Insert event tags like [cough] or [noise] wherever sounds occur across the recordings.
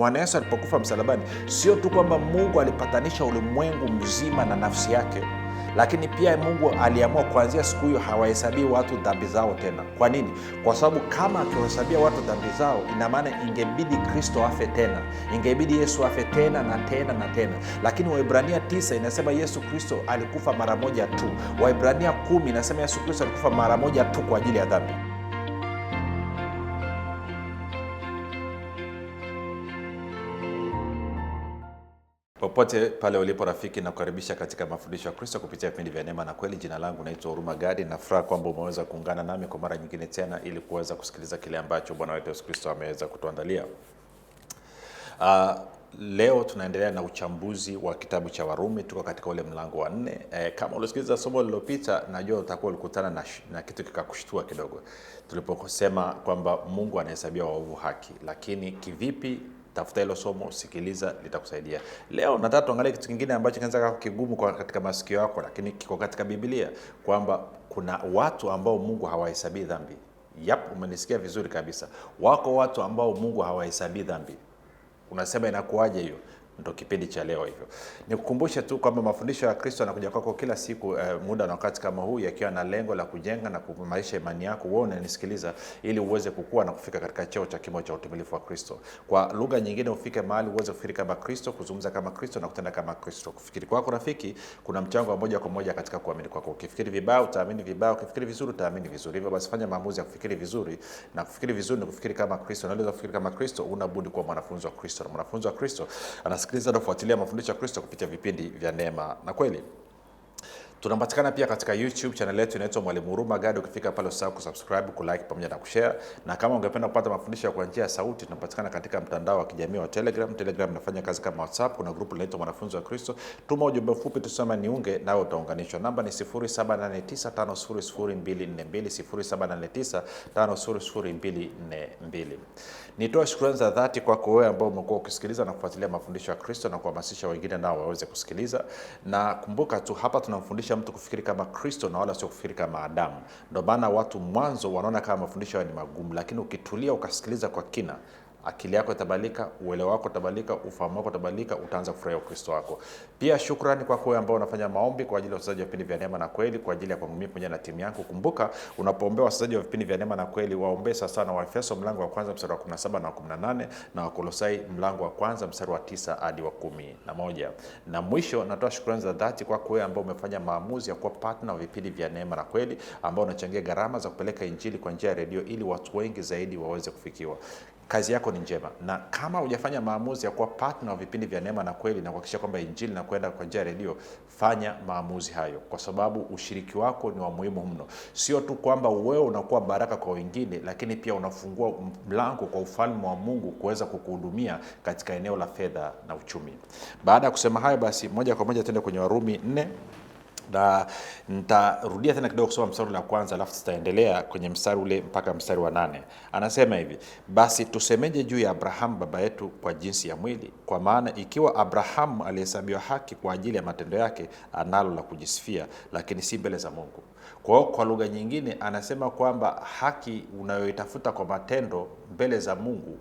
Bwana Yesu alipokufa msalabani, sio tu kwamba Mungu alipatanisha ulimwengu mzima na nafsi yake, lakini pia Mungu aliamua kuanzia siku hiyo hawahesabii watu dhambi zao tena. Kwa nini? Kwa sababu kama akiwahesabia watu dhambi zao, ina maana ingebidi Kristo afe tena, ingebidi Yesu afe tena na tena na tena. Lakini Waibrania tisa inasema Yesu Kristo alikufa mara moja tu. Waibrania kumi inasema Yesu Kristo alikufa mara moja tu kwa ajili ya dhambi. Popote pale ulipo rafiki, na kukaribisha katika mafundisho ya Kristo kupitia vipindi vya neema na kweli. Jina langu naitwa Huruma Gadi, na furaha kwamba umeweza kuungana nami kwa mara nyingine tena ili kuweza kusikiliza kile ambacho Bwana wetu Yesu Kristo ameweza kutuandalia. Uh, leo tunaendelea na uchambuzi wa kitabu cha Warumi, tuko katika ule mlango wa nne. E, kama ulisikiliza somo lililopita, najua utakuwa ulikutana na, na kitu kikakushtua kidogo tuliposema kwamba Mungu anahesabia waovu haki, lakini kivipi tafuta hilo somo, sikiliza, litakusaidia. Leo nataka tuangalie kitu kingine ambacho kinaweza kigumu kwa katika masikio yako, lakini kiko katika Biblia kwamba kuna watu ambao Mungu hawahesabii dhambi. Yap, umenisikia vizuri kabisa. Wako watu ambao Mungu hawahesabii dhambi. Unasema inakuwaje hiyo? ndo kipindi cha leo. Hivyo nikukumbushe tu kwamba mafundisho ya Kristo yanakuja kwako kila siku eh, muda na wakati kama huu, yakiwa na lengo la kujenga na kuimarisha imani yako wewe unanisikiliza, ili uweze kukua na kufika katika cheo cha kimo cha utimilifu wa Kristo. Kwa lugha nyingine, ufike mahali uweze kufikiri kama Kristo, kuzungumza kama Kristo na kutenda kama Kristo. Kufikiri kwako rafiki, kuna mchango wa moja kwa moja katika kuamini kwako. Ukifikiri vibaya utaamini vibaya, ukifikiri vizuri utaamini vizuri. Hivyo basi fanya maamuzi ya kufikiri vizuri, na kufikiri vizuri ni kufikiri kama Kristo, na kufikiri kama Kristo, unabudi budi kuwa mwanafunzi wa Kristo, na mwanafunzi wa Kristo anas kusikiliza na kufuatilia mafundisho ya Kristo kupitia vipindi vya Neema na Kweli. Tunapatikana pia katika YouTube channel yetu inaitwa Mwalimu Huruma Gadi. Ukifika pale usahau kusubscribe, kulike pamoja na kushare, na kama ungependa kupata mafundisho kwa njia ya sauti, tunapatikana katika mtandao wa kijamii wa Telegram. Telegram inafanya kazi kama WhatsApp. Kuna grupu linaitwa Mwanafunzi wa Kristo. Tuma ujumbe mfupi tusema niunge, nawe utaunganishwa. Namba ni 0789500242, 0789500242. Nitoa shukrani za dhati kwako wewe ambao umekuwa ukisikiliza na kufuatilia mafundisho ya Kristo na kuhamasisha wengine nao waweze kusikiliza. Na kumbuka tu, hapa tunamfundisha mtu kufikiri kama Kristo na wala sio kufikiri kama Adamu. Ndio maana watu mwanzo wanaona kama mafundisho hayo ni magumu, lakini ukitulia ukasikiliza kwa kina akili yako itabadilika uelewa wako utabadilika ufahamu wako utabadilika utaanza kufurahia Ukristo wako. Pia shukrani kwa wewe ambao unafanya maombi kwa ajili ya wachezaji wa vipindi vya neema na kweli, kwa ajili ya kwangu mimi pamoja na timu yangu. Kumbuka, unapoombea wachezaji wa vipindi vya neema na kweli, waombee sasa sana Waefeso mlango wa kwanza mstari wa 17 na 18 na Wakolosai mlango wa kwanza mstari wa tisa hadi wa kumi na moja. Na mwisho natoa shukrani za dhati kwa wewe ambao umefanya maamuzi ya kuwa partner wa vipindi vya neema na kweli, ambao unachangia gharama za kupeleka injili kwa njia ya redio ili watu wengi zaidi waweze kufikiwa kazi yako ni njema, na kama hujafanya maamuzi ya kuwa partner wa vipindi vya Neema na Kweli na kuhakikisha kwamba injili na kwenda kwa njia ya redio, fanya maamuzi hayo, kwa sababu ushiriki wako ni wa muhimu mno. Sio tu kwamba wewe unakuwa baraka kwa wengine, lakini pia unafungua mlango kwa ufalme wa Mungu kuweza kukuhudumia katika eneo la fedha na uchumi. Baada ya kusema hayo, basi moja kwa moja tuende kwenye Warumi nne na nitarudia tena kidogo kusoma mstari wa kwanza, alafu tutaendelea kwenye mstari ule mpaka mstari wa nane. Anasema hivi: basi tusemeje juu ya Abrahamu baba yetu kwa jinsi ya mwili? Kwa maana ikiwa Abrahamu alihesabiwa haki kwa ajili ya matendo yake, analo la kujisifia, lakini si mbele za Mungu. Kwa kwa lugha nyingine anasema kwamba haki unayoitafuta kwa matendo mbele za Mungu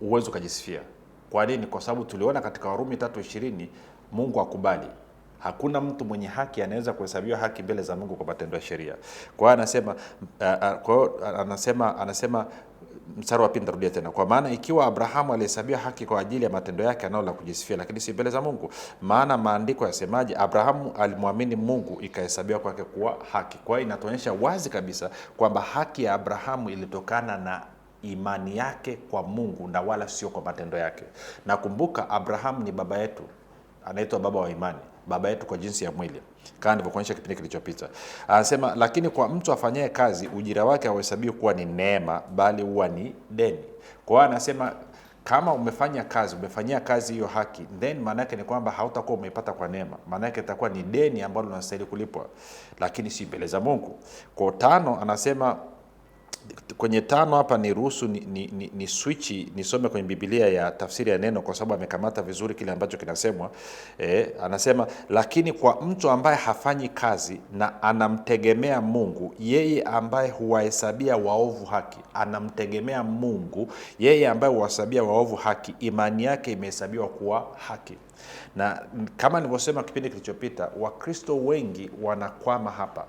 huwezi ukajisifia. Kwa nini? Kwa sababu tuliona katika Warumi 3:20 Mungu akubali Hakuna mtu mwenye haki anaweza kuhesabiwa haki mbele za Mungu kwa matendo ya sheria. Kwa hiyo anasema, kwa anasema, anasema mstari wa pili nitarudia tena. Kwa maana ikiwa Abrahamu alihesabiwa haki kwa ajili ya matendo yake, anao la kujisifia, lakini si mbele za Mungu. Maana maandiko yasemaje? Abrahamu alimwamini Mungu, ikahesabiwa kwake kuwa haki. Kwa hiyo inatuonyesha wazi kabisa kwamba haki ya Abrahamu ilitokana na imani yake kwa Mungu na wala sio kwa matendo yake. Nakumbuka Abrahamu ni baba yetu, anaitwa baba wa imani. Baba yetu kwa jinsi ya mwili, kama nilivyokuonyesha kipindi kilichopita. Anasema, lakini kwa mtu afanyaye kazi ujira wake hauhesabiwi kuwa ni neema, bali huwa ni deni. Kwa hiyo anasema kama umefanya kazi umefanyia kazi hiyo haki, then maana yake ni kwamba hautakuwa umeipata kwa neema, maana yake itakuwa ni deni ambalo unastahili kulipwa, lakini si mbele za Mungu. Kwa tano anasema kwenye tano hapa ni ruhusu ni, ni, ni, ni swichi nisome kwenye Biblia ya tafsiri ya neno, kwa sababu amekamata vizuri kile ambacho kinasemwa. E, anasema lakini kwa mtu ambaye hafanyi kazi na anamtegemea Mungu, yeye ambaye huwahesabia waovu haki, anamtegemea Mungu, yeye ambaye huwahesabia waovu haki, imani yake imehesabiwa kuwa haki. Na kama nilivyosema kipindi kilichopita, Wakristo wengi wanakwama hapa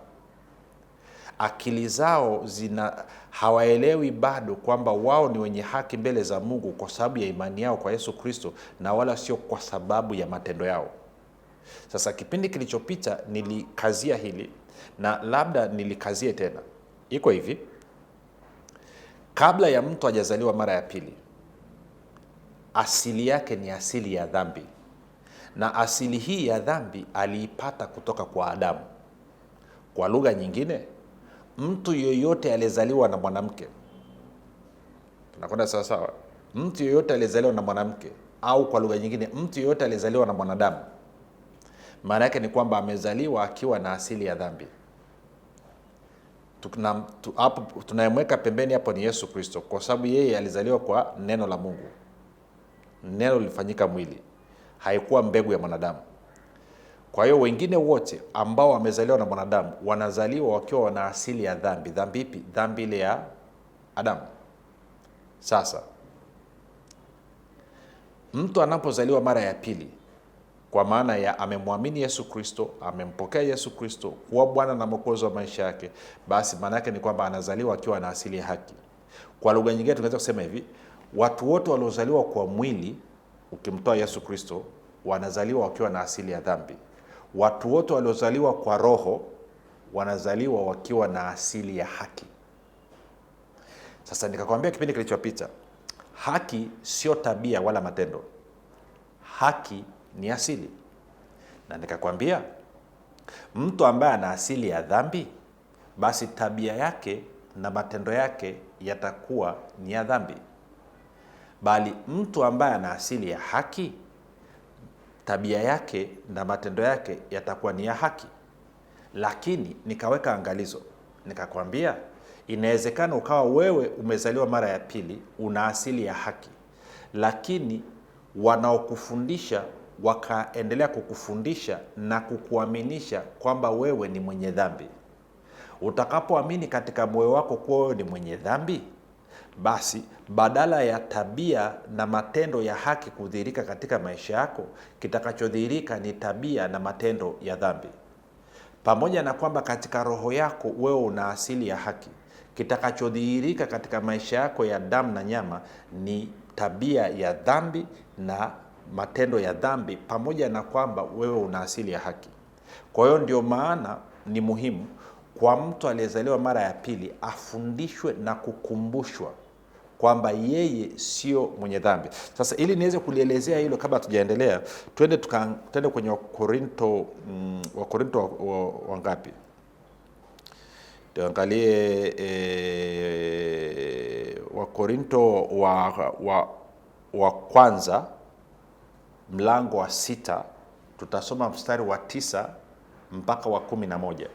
akili zao zina hawaelewi bado kwamba wao ni wenye haki mbele za Mungu kwa sababu ya imani yao kwa Yesu Kristo na wala sio kwa sababu ya matendo yao. Sasa kipindi kilichopita nilikazia hili na labda nilikazie tena. Iko hivi, kabla ya mtu hajazaliwa mara ya pili, asili yake ni asili ya dhambi, na asili hii ya dhambi aliipata kutoka kwa Adamu. Kwa lugha nyingine mtu yoyote aliyezaliwa na mwanamke, tunakwenda sawa sawa mtu yoyote aliyezaliwa na mwanamke, au kwa lugha nyingine, mtu yoyote aliyezaliwa na mwanadamu, maana yake ni kwamba amezaliwa akiwa na asili ya dhambi. Tunayemweka pembeni hapo ni Yesu Kristo, kwa sababu yeye alizaliwa kwa neno la Mungu. Neno lilifanyika mwili, haikuwa mbegu ya mwanadamu. Kwa hiyo wengine wote ambao wamezaliwa na mwanadamu wanazaliwa wakiwa wana asili ya dhambi. Dhambi ipi? Dhambi ile ya Adamu. Sasa mtu anapozaliwa mara ya pili, kwa maana ya amemwamini Yesu Kristo, amempokea Yesu Kristo kuwa Bwana na Mwokozi wa maisha yake, basi maana yake ni kwamba anazaliwa akiwa na asili ya haki. Kwa lugha nyingine tunaweza kusema hivi, watu wote waliozaliwa kwa mwili, ukimtoa Yesu Kristo, wanazaliwa wakiwa na asili ya dhambi watu wote waliozaliwa kwa roho wanazaliwa wakiwa na asili ya haki sasa nikakwambia kipindi kilichopita haki sio tabia wala matendo haki ni asili na nikakwambia mtu ambaye ana asili ya dhambi basi tabia yake na matendo yake yatakuwa ni ya dhambi bali mtu ambaye ana asili ya haki tabia yake na matendo yake yatakuwa ni ya haki. Lakini nikaweka angalizo, nikakwambia inawezekana ukawa wewe umezaliwa mara ya pili, una asili ya haki, lakini wanaokufundisha wakaendelea kukufundisha na kukuaminisha kwamba wewe ni mwenye dhambi. Utakapoamini katika moyo wako kuwa wewe ni mwenye dhambi, basi badala ya tabia na matendo ya haki kudhihirika katika maisha yako, kitakachodhihirika ni tabia na matendo ya dhambi. Pamoja na kwamba katika roho yako wewe una asili ya haki, kitakachodhihirika katika maisha yako ya damu na nyama ni tabia ya dhambi na matendo ya dhambi, pamoja na kwamba wewe una asili ya haki. Kwa hiyo ndio maana ni muhimu kwa mtu aliyezaliwa mara ya pili afundishwe na kukumbushwa kwamba yeye sio mwenye dhambi. Sasa ili niweze kulielezea hilo, kabla hatujaendelea, twende tuende kwenye Wakorinto mm, Wakorinto wangapi wa, wa tuangalie e, Wakorinto wa, wa, wa kwanza mlango wa sita tutasoma mstari wa tisa mpaka wa kumi na moja.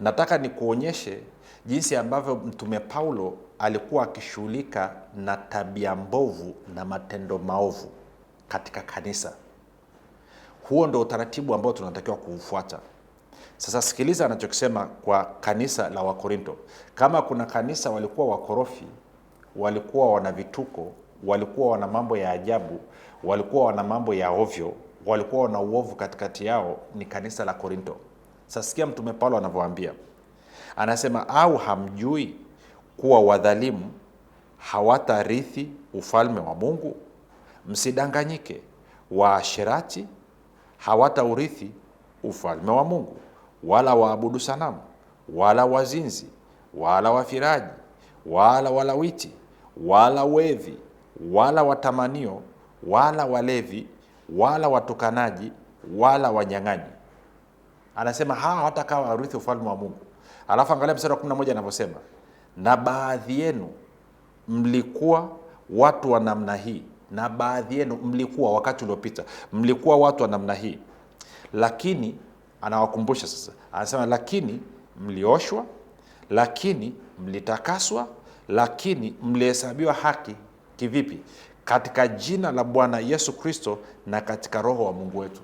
Nataka nikuonyeshe jinsi ambavyo Mtume Paulo alikuwa akishughulika na tabia mbovu na matendo maovu katika kanisa. Huo ndo utaratibu ambao tunatakiwa kuufuata. Sasa sikiliza anachokisema kwa kanisa la Wakorinto. Kama kuna kanisa walikuwa wakorofi, walikuwa wana vituko, walikuwa wana mambo ya ajabu, walikuwa wana mambo ya ovyo, walikuwa wana uovu katikati yao, ni kanisa la Korinto. Sasikia Mtume Paulo anavyoambia, anasema au hamjui kuwa wadhalimu hawatarithi ufalme wa Mungu? Msidanganyike, hawata hawataurithi ufalme wa Mungu, wala waabudu sanamu, wala wazinzi, wala wafiraji, wala walawiti, wala wevi, wala watamanio, wala walevi, wala watukanaji, wala wanyang'anyi anasema hawa watakawa warithi ufalme wa Mungu. Alafu angalia mstari wa 11 anavyosema, na baadhi yenu mlikuwa watu wa namna hii, na baadhi yenu mlikuwa, wakati uliopita mlikuwa watu wa namna hii, lakini anawakumbusha sasa, anasema lakini mlioshwa, lakini mlitakaswa, lakini mlihesabiwa haki kivipi? Katika jina la Bwana Yesu Kristo na katika Roho wa Mungu wetu.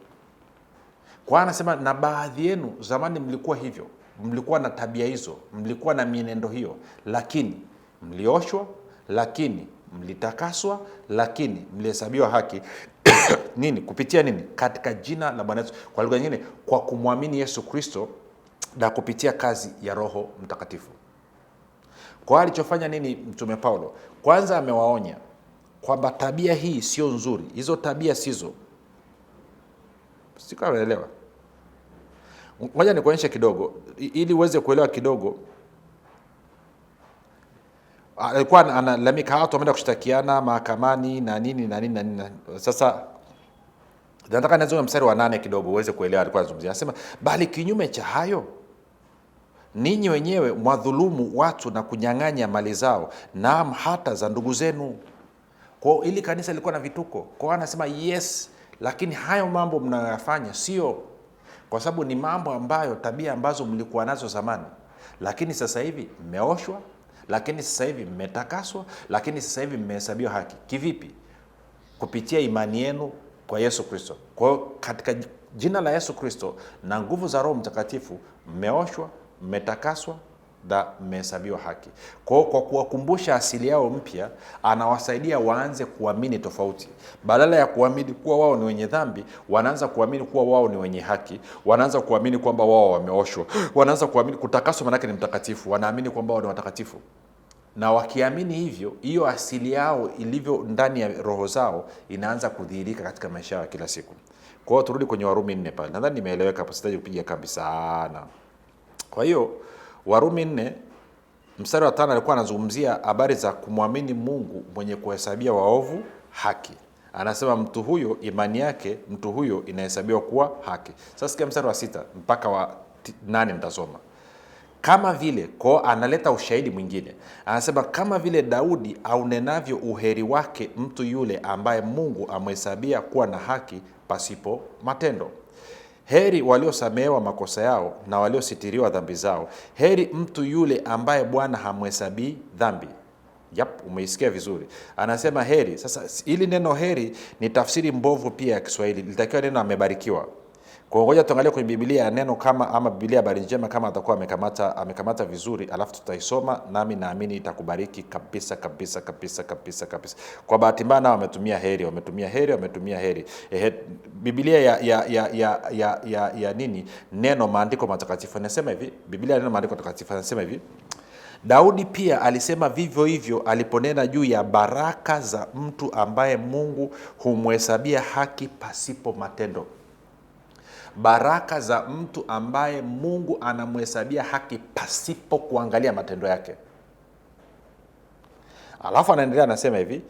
Kwa anasema na baadhi yenu zamani mlikuwa hivyo, mlikuwa na tabia hizo, mlikuwa na mienendo hiyo, lakini mlioshwa, lakini mlitakaswa, lakini mlihesabiwa haki [coughs] nini? Kupitia nini? Katika jina la Bwana Yesu, kwa lugha nyingine, kwa kumwamini Yesu Kristo na kupitia kazi ya Roho Mtakatifu. Kwa alichofanya nini Mtume Paulo? Kwanza amewaonya kwamba tabia hii sio nzuri, hizo tabia sizo Sikuwa naelewa. Ngoja nikuonyeshe kidogo ili uweze kuelewa kidogo. Alikuwa analalamika watu wameenda kushtakiana mahakamani na nini na nini na nini. Sasa nataka nianze mstari wa nane kidogo uweze kuelewa alikuwa anazungumzia. Anasema bali kinyume cha hayo ninyi wenyewe mwadhulumu watu na kunyang'anya mali zao, naam hata za ndugu zenu. Kwa ili kanisa lilikuwa na vituko, kwa anasema yes lakini hayo mambo mnayoyafanya sio kwa sababu ni mambo ambayo tabia ambazo mlikuwa nazo zamani, lakini sasa hivi mmeoshwa, lakini sasa hivi mmetakaswa, lakini sasa hivi mmehesabiwa haki. Kivipi? Kupitia imani yenu kwa Yesu Kristo. Kwa hiyo katika jina la Yesu Kristo na nguvu za Roho Mtakatifu mmeoshwa, mmetakaswa mmehesabiwa haki. Kwa kwa kuwakumbusha asili yao mpya, anawasaidia waanze kuamini tofauti. Badala ya kuamini kuwa wao ni wenye dhambi, wanaanza kuamini kuwa wao ni wenye haki, wanaanza kuamini kwamba wao wameoshwa, wanaanza kuamini kutakaswa, manake ni mtakatifu, wanaamini kwamba wao ni watakatifu na wakiamini hivyo, hiyo asili yao ilivyo ndani ya roho zao inaanza kudhihirika katika maisha yao kila siku. Kwa hiyo turudi kwenye Warumi nne pale, nadhani nimeeleweka hapo, sitaji kupiga kambi sana. Kwa hiyo Warumi nne mstari wa tano alikuwa anazungumzia habari za kumwamini Mungu mwenye kuhesabia waovu haki. Anasema mtu huyo imani yake mtu huyo inahesabiwa kuwa haki. Sasa sikia mstari wa sita mpaka wa nane mtasoma kama vile ko analeta ushahidi mwingine, anasema kama vile Daudi aunenavyo uheri wake mtu yule ambaye Mungu amhesabia kuwa na haki pasipo matendo. Heri waliosamehewa makosa yao na waliositiriwa dhambi zao. Heri mtu yule ambaye Bwana hamhesabii dhambi. Yap, umeisikia vizuri. Anasema heri. Sasa hili neno heri ni tafsiri mbovu pia ya Kiswahili, litakiwa neno amebarikiwa. Kwa ngoja tuangalie kwenye Biblia neno kama ama Biblia habari njema kama atakuwa amekamata amekamata vizuri, alafu tutaisoma nami, naamini itakubariki kabisa kabisa kabisa kabisa kabisa. Kwa bahati mbaya nao wametumia heri, wametumia heri, wametumia heri. Ehe, Biblia ya ya ya ya ya, ya, ya nini neno maandiko matakatifu anasema hivi, Biblia neno maandiko matakatifu anasema hivi Daudi pia alisema vivyo hivyo aliponena juu ya baraka za mtu ambaye Mungu humhesabia haki pasipo matendo baraka za mtu ambaye Mungu anamhesabia haki pasipo kuangalia matendo yake. Alafu anaendelea anasema hivi,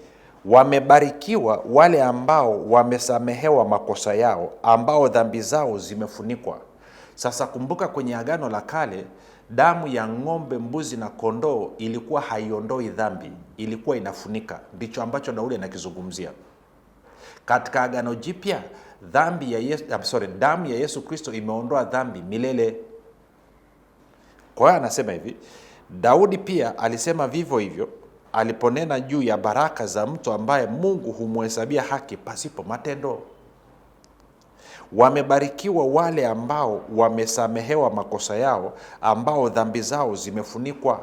wamebarikiwa wale ambao wamesamehewa makosa yao, ambao dhambi zao zimefunikwa. Sasa kumbuka, kwenye Agano la Kale damu ya ng'ombe, mbuzi na kondoo ilikuwa haiondoi dhambi, ilikuwa inafunika. Ndicho ambacho Daudi anakizungumzia katika Agano Jipya dhambi ya Yesu, I'm sorry, damu ya Yesu Kristo imeondoa dhambi milele. Kwa hiyo anasema hivi, Daudi pia alisema vivyo hivyo aliponena juu ya baraka za mtu ambaye Mungu humhesabia haki pasipo matendo. Wamebarikiwa wale ambao wamesamehewa makosa yao, ambao dhambi zao zimefunikwa.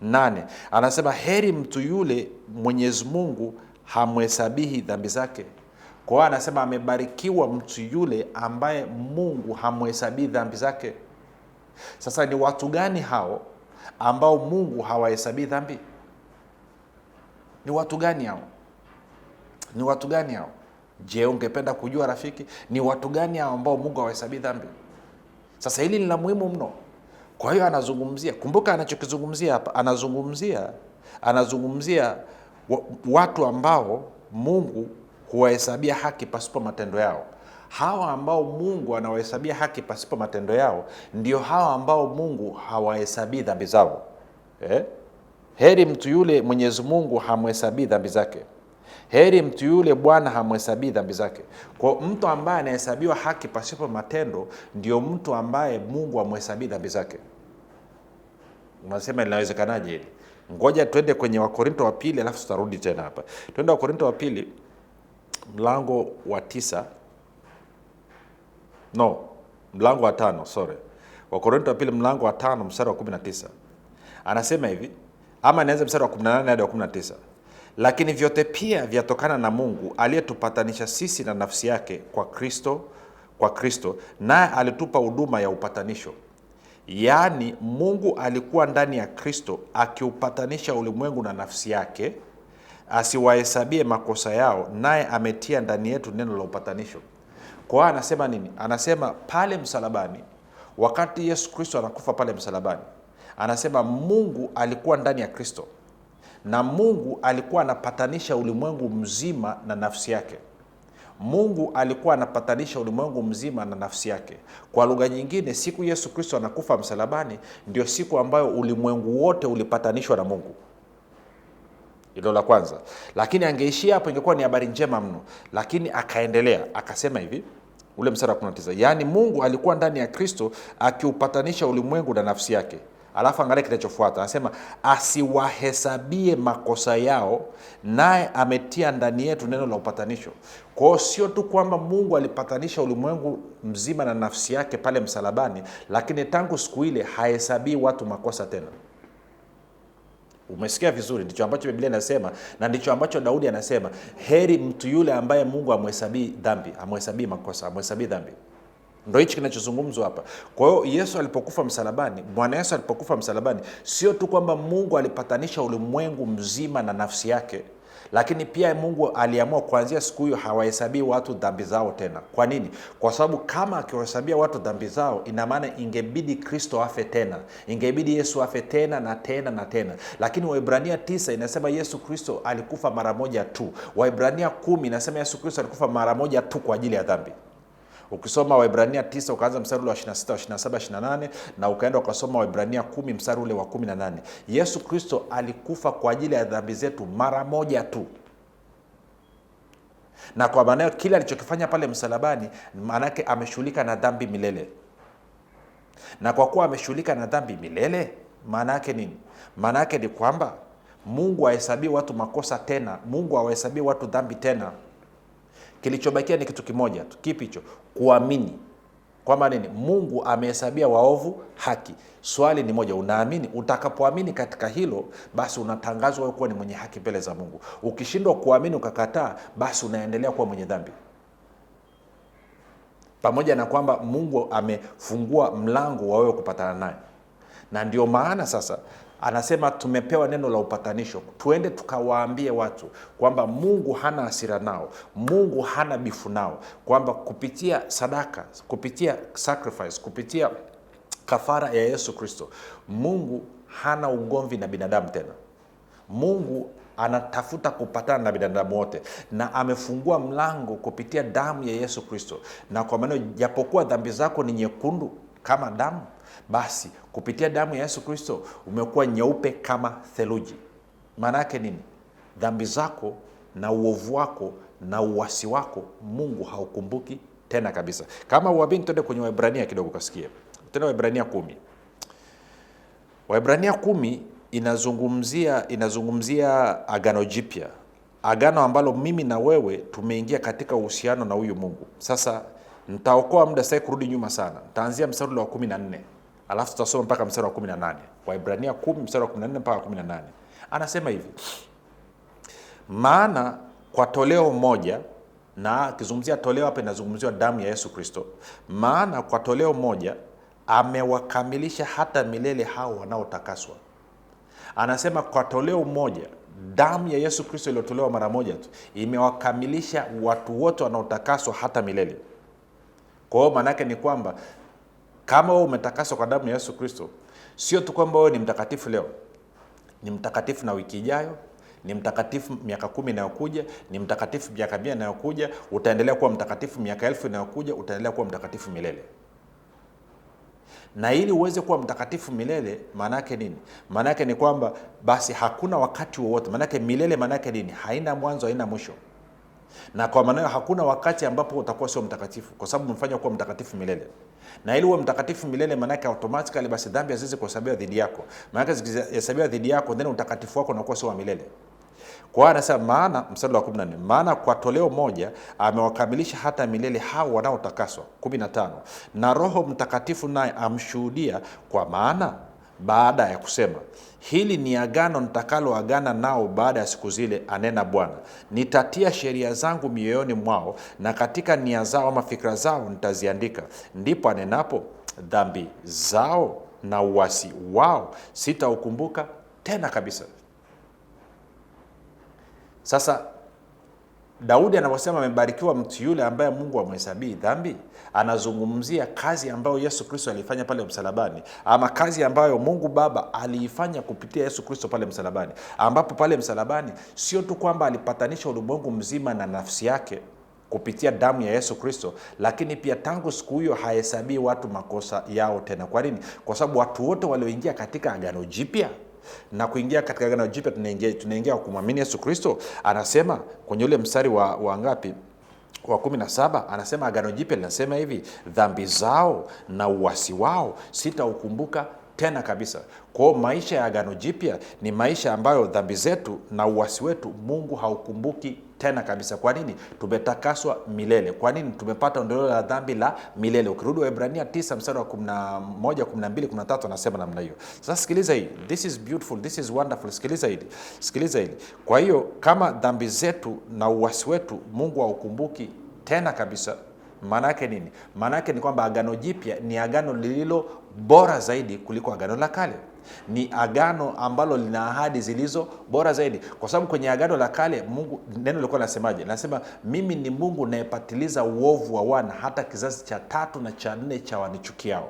nane. Anasema heri mtu yule Mwenyezi Mungu hamhesabihi dhambi zake. Kwa hiyo anasema amebarikiwa mtu yule ambaye Mungu hamhesabii dhambi zake. Sasa ni watu gani hao ambao Mungu hawahesabii dhambi? Ni watu gani hao? Ni watu gani hao? Je, ungependa kujua rafiki, ni watu gani hao ambao Mungu hawahesabii dhambi? Sasa hili ni la muhimu mno. Kwa hiyo anazungumzia, kumbuka anachokizungumzia hapa, anazungumzia anazungumzia watu ambao Mungu huwahesabia haki pasipo matendo yao. Hawa ambao Mungu anawahesabia haki pasipo matendo yao ndio hawa ambao Mungu hawahesabii dhambi zao eh? Heri mtu yule Mwenyezi Mungu hamhesabii dhambi zake. Heri mtu yule Bwana hamhesabii dhambi zake. Kwa mtu ambaye anahesabiwa haki pasipo matendo ndio mtu ambaye Mungu hamhesabii dhambi zake. Unasema linawezekanaje hili? Ngoja twende kwenye Wakorinto wa pili, alafu tutarudi tena hapa. Twende Wakorinto wa pili mlango wa tisa no mlango wa tano sorry Wakorinto wa pili mlango wa tano mstari wa 19 anasema hivi ama nianze mstari wa 18 hadi wa 19 lakini vyote pia vyatokana na Mungu aliyetupatanisha sisi na nafsi yake kwa Kristo kwa Kristo naye alitupa huduma ya upatanisho yaani Mungu alikuwa ndani ya Kristo akiupatanisha ulimwengu na nafsi yake asiwahesabie makosa yao, naye ametia ndani yetu neno la upatanisho. Kwa hiyo anasema nini? Anasema pale msalabani, wakati Yesu Kristo anakufa pale msalabani, anasema Mungu alikuwa ndani ya Kristo na Mungu alikuwa anapatanisha ulimwengu mzima na nafsi yake. Mungu alikuwa anapatanisha ulimwengu mzima na nafsi yake. Kwa lugha nyingine, siku Yesu Kristo anakufa msalabani, ndio siku ambayo ulimwengu wote ulipatanishwa na Mungu ilo la kwanza, lakini angeishia hapo ingekuwa ni habari njema mno, lakini akaendelea akasema hivi ule msara wa 19, yaani Mungu alikuwa ndani ya Kristo akiupatanisha ulimwengu na nafsi yake. Alafu angalia kinachofuata, anasema asiwahesabie makosa yao, naye ametia ndani yetu neno la upatanisho. Kwa hiyo sio tu kwamba Mungu alipatanisha ulimwengu mzima na nafsi yake pale msalabani, lakini tangu siku ile hahesabii watu makosa tena. Umesikia vizuri, ndicho ambacho Biblia inasema na ndicho ambacho Daudi anasema, heri mtu yule ambaye Mungu amhesabii dhambi, amhesabii makosa, amhesabii dhambi. Ndo hichi kinachozungumzwa hapa. Kwa hiyo Yesu alipokufa msalabani, Bwana Yesu alipokufa msalabani, sio tu kwamba Mungu alipatanisha ulimwengu mzima na nafsi yake lakini pia Mungu aliamua kuanzia siku hiyo hawahesabii watu dhambi zao tena. Kwa nini? Kwa sababu kama akiwahesabia watu dhambi zao, ina maana ingebidi Kristo afe tena, ingebidi Yesu afe tena na tena na tena. Lakini Waibrania tisa inasema Yesu Kristo alikufa mara moja tu. Waibrania kumi inasema Yesu Kristo alikufa mara moja tu kwa ajili ya dhambi. Ukisoma Waebrania 9 ukaanza mstari ule wa 26, 27, 28 na ukaenda ukasoma Waebrania 10 mstari ule wa 18, Yesu Kristo alikufa kwa ajili ya dhambi zetu mara moja tu na kwa maana hiyo kile alichokifanya pale msalabani, maanake ameshughulika na dhambi milele. Na kwa kuwa ameshughulika na dhambi milele, maana yake nini? Maana yake ni kwamba Mungu hahesabie watu makosa tena, Mungu hawahesabie watu dhambi tena. Kilichobakia ni kitu kimoja tu. Kipi hicho? Kuamini kwamba nini? Mungu amehesabia waovu haki. Swali ni moja, unaamini? Utakapoamini katika hilo, basi unatangazwa kuwa ni mwenye haki mbele za Mungu. Ukishindwa kuamini ukakataa, basi unaendelea kuwa mwenye dhambi, pamoja na kwamba Mungu amefungua mlango wa wewe kupatana naye, na ndio maana sasa anasema tumepewa neno la upatanisho, tuende tukawaambie watu kwamba Mungu hana asira nao, Mungu hana bifu nao, kwamba kupitia sadaka, kupitia sacrifice, kupitia kafara ya Yesu Kristo, Mungu hana ugomvi na binadamu tena. Mungu anatafuta kupatana na binadamu wote na amefungua mlango kupitia damu ya Yesu Kristo, na kwa maana japokuwa dhambi zako ni nyekundu kama damu basi kupitia damu ya Yesu Kristo umekuwa nyeupe kama theluji. Maana yake nini? Dhambi zako na uovu wako na uwasi wako Mungu haukumbuki tena kabisa. Kama uabini tuende kwenye Waebrania kidogo kasikie tena. Waebrania kumi, Waebrania kumi inazungumzia inazungumzia agano jipya, agano ambalo mimi na wewe tumeingia katika uhusiano na huyu Mungu. Sasa nitaokoa muda, sitaki kurudi nyuma sana, ntaanzia mstari wa kumi na nne alafu tutasoma mpaka mstari wa 18 Waibrania 10 mstari wa 14 mpaka 18. Anasema hivi, maana kwa toleo moja, na akizungumzia toleo hapa inazungumziwa damu ya Yesu Kristo, maana kwa toleo moja amewakamilisha hata milele hao wanaotakaswa. Anasema kwa toleo moja damu ya Yesu Kristo iliyotolewa mara moja tu imewakamilisha watu wote wanaotakaswa hata milele. Kwa hiyo maana yake ni kwamba kama wewe umetakaswa kwa damu ya Yesu Kristo, sio tu kwamba wewe ni mtakatifu leo, ni mtakatifu na wiki ijayo ni mtakatifu miaka kumi inayokuja, ni mtakatifu miaka mia inayokuja, utaendelea kuwa mtakatifu miaka elfu inayokuja, utaendelea kuwa mtakatifu milele. Na ili uweze kuwa mtakatifu milele, yake nini? yake ni kwamba basi hakuna wakati wowote, yake milele, yake nini? Haina mwanzo, haina mwisho, na kwa maana hakuna wakati ambapo utakuwa sio mtakatifu, kwa sababu umefanya kuwa mtakatifu milele na ili uwe mtakatifu milele, maanake automatically basi dhambi haziwezi kuhesabiwa dhidi yako, maanake zikihesabiwa dhidi yako then utakatifu wako unakuwa sio wa milele. Kwa hiyo anasema, maana mstari wa 14, maana kwa toleo moja amewakamilisha hata milele hao wanaotakaswa. 15, na Roho Mtakatifu naye amshuhudia, kwa maana baada ya kusema hili ni agano nitakaloagana nao baada ya siku zile, anena Bwana, nitatia sheria zangu mioyoni mwao, na katika nia zao ama fikra zao nitaziandika. Ndipo anenapo, dhambi zao na uasi wao sitaukumbuka tena kabisa. Sasa Daudi anaposema amebarikiwa mtu yule ambaye Mungu amhesabii dhambi anazungumzia kazi ambayo Yesu Kristo alifanya pale msalabani, ama kazi ambayo Mungu Baba aliifanya kupitia Yesu Kristo pale msalabani, ambapo pale msalabani sio tu kwamba alipatanisha ulimwengu mzima na nafsi yake kupitia damu ya Yesu Kristo, lakini pia tangu siku hiyo hahesabii watu makosa yao tena. Kwa nini? Kwa sababu watu wote walioingia katika agano jipya na kuingia katika agano jipya tunaingia, tunaingia kumwamini Yesu Kristo. Anasema kwenye ule mstari wa, wa ngapi? wa kumi na saba anasema Agano Jipya linasema hivi, dhambi zao na uwasi wao sitaukumbuka tena kabisa. Kwao maisha ya Agano Jipya ni maisha ambayo dhambi zetu na uwasi wetu Mungu haukumbuki tena kabisa. Kwa nini? Tumetakaswa milele. Kwa nini? Tumepata ondoleo la dhambi la milele. Ukirudi Waebrania 9 mstari wa 11, 12, 13 anasema namna hiyo. Sasa sikiliza hii this is beautiful, this is wonderful. Sikiliza hili, sikiliza hili. Kwa hiyo kama dhambi zetu na uwasi wetu Mungu haukumbuki tena kabisa, maana yake nini? Maana yake ni kwamba agano jipya ni agano lililo bora zaidi kuliko agano la kale ni agano ambalo lina ahadi zilizo bora zaidi, kwa sababu kwenye agano la kale Mungu neno lilikuwa linasemaje? Linasema, mimi ni Mungu nayepatiliza uovu wa wana hata kizazi cha tatu na cha nne cha wanichukiao.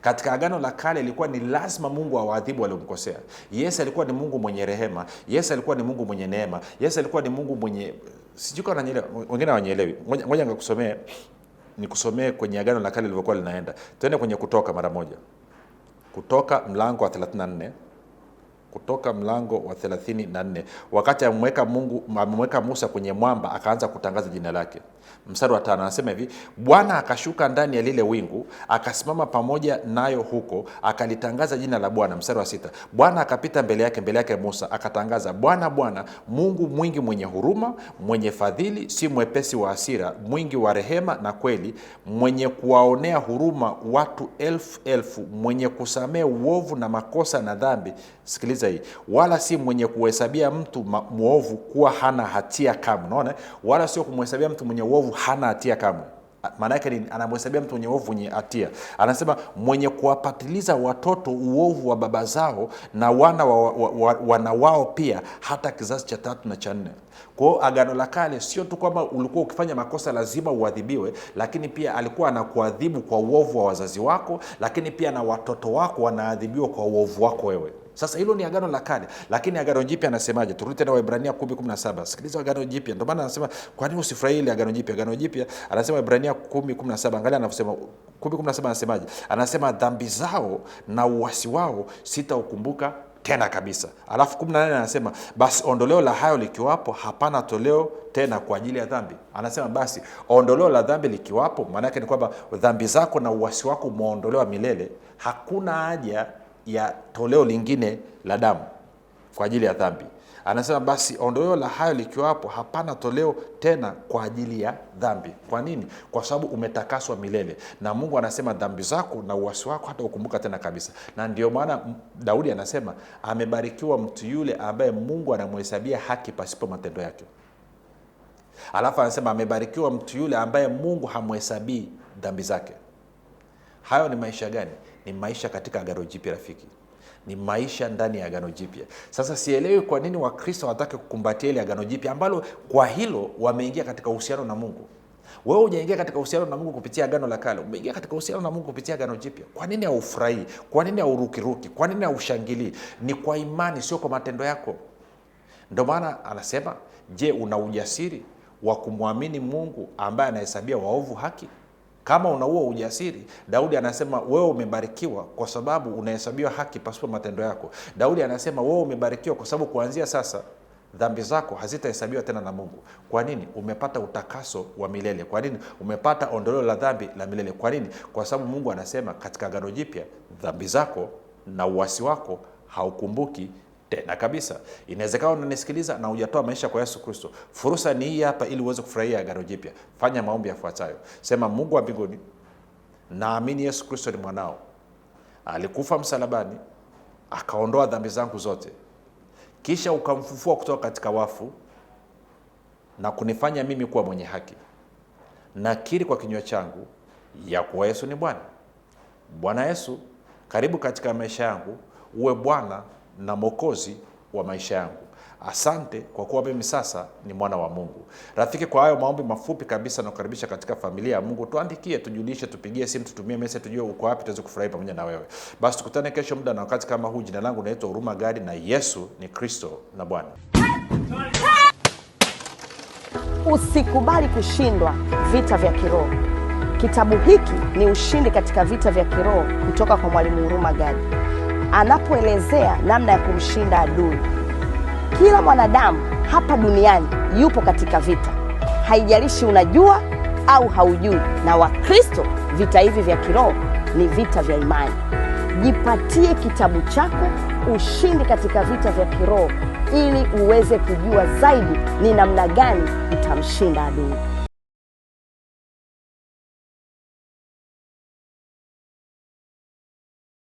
Katika agano la kale ilikuwa ni lazima Mungu awaadhibu waliomkosea. Yesu alikuwa ni Mungu mwenye rehema. Yesu alikuwa ni Mungu mwenye neema. Yesu alikuwa ni Mungu mwenye sijui kama wengine hawanielewi. Ngoja ngakusomee, nikusomee kwenye agano la kale lilivyokuwa linaenda. Tuende kwenye Kutoka mara moja. Kutoka mlango wa 34 kutoka mlango wa 34 wakati amemweka Mungu amemweka Musa kwenye mwamba akaanza kutangaza jina lake mstari wa tano anasema hivi, Bwana akashuka ndani ya lile wingu, akasimama pamoja nayo huko, akalitangaza jina la Bwana. Mstari wa sita Bwana akapita mbele yake, mbele yake Musa, akatangaza, Bwana Bwana Mungu mwingi mwenye huruma, mwenye fadhili, si mwepesi wa asira mwingi wa rehema na kweli, mwenye kuwaonea huruma watu elfu elfu, mwenye kusamea uovu na makosa na dhambi. Sikiliza hii, wala si mwenye kuhesabia mtu mwovu kuwa hana hatia kamwe. wala sio kumhesabia mtu mwenye uovu uovu hana hatia kamwe maana yake ni anamhesabia mtu mwenye uovu mwenye hatia anasema mwenye kuwapatiliza watoto uovu wa baba zao na wana wa, wa, wa, wana wao pia hata kizazi cha tatu na cha nne kwa hiyo Agano la Kale sio tu kwamba ulikuwa ukifanya makosa lazima uadhibiwe, lakini pia alikuwa anakuadhibu kwa uovu wa wazazi wako, lakini pia na watoto wako wanaadhibiwa kwa uovu wako wewe. Sasa hilo ni agano la kale, lakini agano jipya anasemaje? Turudi tena Waibrania 10:17. Sikiliza agano jipya, ndio maana anasema kwa nini usifurahie ile agano jipya? Agano jipya anasema Waibrania 10:17, angalia anavyosema 10:17 anasemaje? Anasema dhambi zao na uasi wao sitaukumbuka tena kabisa. Alafu 18 anasema basi ondoleo la hayo likiwapo, hapana toleo tena kwa ajili ya dhambi. Anasema basi ondoleo la dhambi likiwapo, maana ni kwamba dhambi zako na uasi wako umeondolewa milele, hakuna haja ya toleo lingine la damu kwa ajili ya dhambi. Anasema basi ondoleo la hayo likiwapo, hapana toleo tena kwa ajili ya dhambi. Kwa nini? Kwa sababu umetakaswa milele, na Mungu anasema dhambi zako na uasi wako hata ukumbuka tena kabisa. Na ndio maana Daudi anasema amebarikiwa mtu yule ambaye Mungu anamhesabia haki pasipo matendo yake. Alafu anasema amebarikiwa mtu yule ambaye Mungu hamhesabii dhambi zake. Hayo ni maisha gani? Ni maisha katika agano jipya, rafiki ni maisha ndani ya agano jipya sasa sielewi kwa nini wakristo wanataka kukumbatia ile agano jipya ambalo kwa hilo wameingia katika uhusiano na mungu wewe ujaingia katika uhusiano na mungu kupitia agano la kale umeingia katika uhusiano na mungu kupitia agano jipya kwa nini haufurahii kwa nini haurukiruki kwa nini haushangilii ni kwa imani sio kwa matendo yako ndio maana anasema je una ujasiri wa kumwamini mungu ambaye anahesabia waovu haki kama una huo ujasiri, Daudi anasema wewe umebarikiwa kwa sababu unahesabiwa haki pasipo matendo yako. Daudi anasema wewe umebarikiwa kwa sababu kuanzia sasa dhambi zako hazitahesabiwa tena na Mungu. Kwa nini? Umepata utakaso wa milele. Kwa nini? Umepata ondoleo la dhambi la milele. Kwa nini? Kwa sababu Mungu anasema katika Agano Jipya, dhambi zako na uasi wako haukumbuki tena kabisa. Inawezekana unanisikiliza na hujatoa maisha kwa Yesu Kristo, fursa ni hii hapa, ili uweze kufurahia agano jipya. Fanya maombi yafuatayo. Sema: Mungu wa mbinguni, naamini Yesu Kristo ni mwanao, alikufa msalabani, akaondoa dhambi zangu zote, kisha ukamfufua kutoka katika wafu na kunifanya mimi kuwa mwenye haki. Nakiri kwa kinywa changu ya kuwa Yesu ni Bwana. Bwana Yesu, karibu katika maisha yangu, uwe Bwana na mwokozi wa maisha yangu. Asante kwa kuwa mimi sasa ni mwana wa Mungu. Rafiki, kwa hayo maombi mafupi kabisa nakukaribisha katika familia ya Mungu. Tuandikie, tujulishe, tupigie simu, tutumie message, tujue uko wapi, tuweze kufurahi pamoja na wewe. Basi tukutane kesho muda na wakati kama huu. Jina langu naitwa Huruma Gadi na Yesu ni Kristo na Bwana. Usikubali kushindwa vita vya kiroho. Kitabu hiki ni Ushindi katika Vita vya Kiroho kutoka kwa Mwalimu Huruma Gadi anapoelezea namna ya kumshinda adui. Kila mwanadamu hapa duniani yupo katika vita, haijalishi unajua au haujui. Na Wakristo, vita hivi vya kiroho ni vita vya imani. Jipatie kitabu chako Ushindi katika Vita vya Kiroho ili uweze kujua zaidi ni namna gani utamshinda adui.